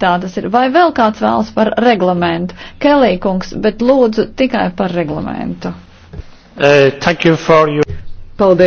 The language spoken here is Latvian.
Tā tas ir. Vai vēl kāds vēlas par reglamentu? Kelīkungs, bet lūdzu tikai par reglamentu. Uh, you you. Paldies.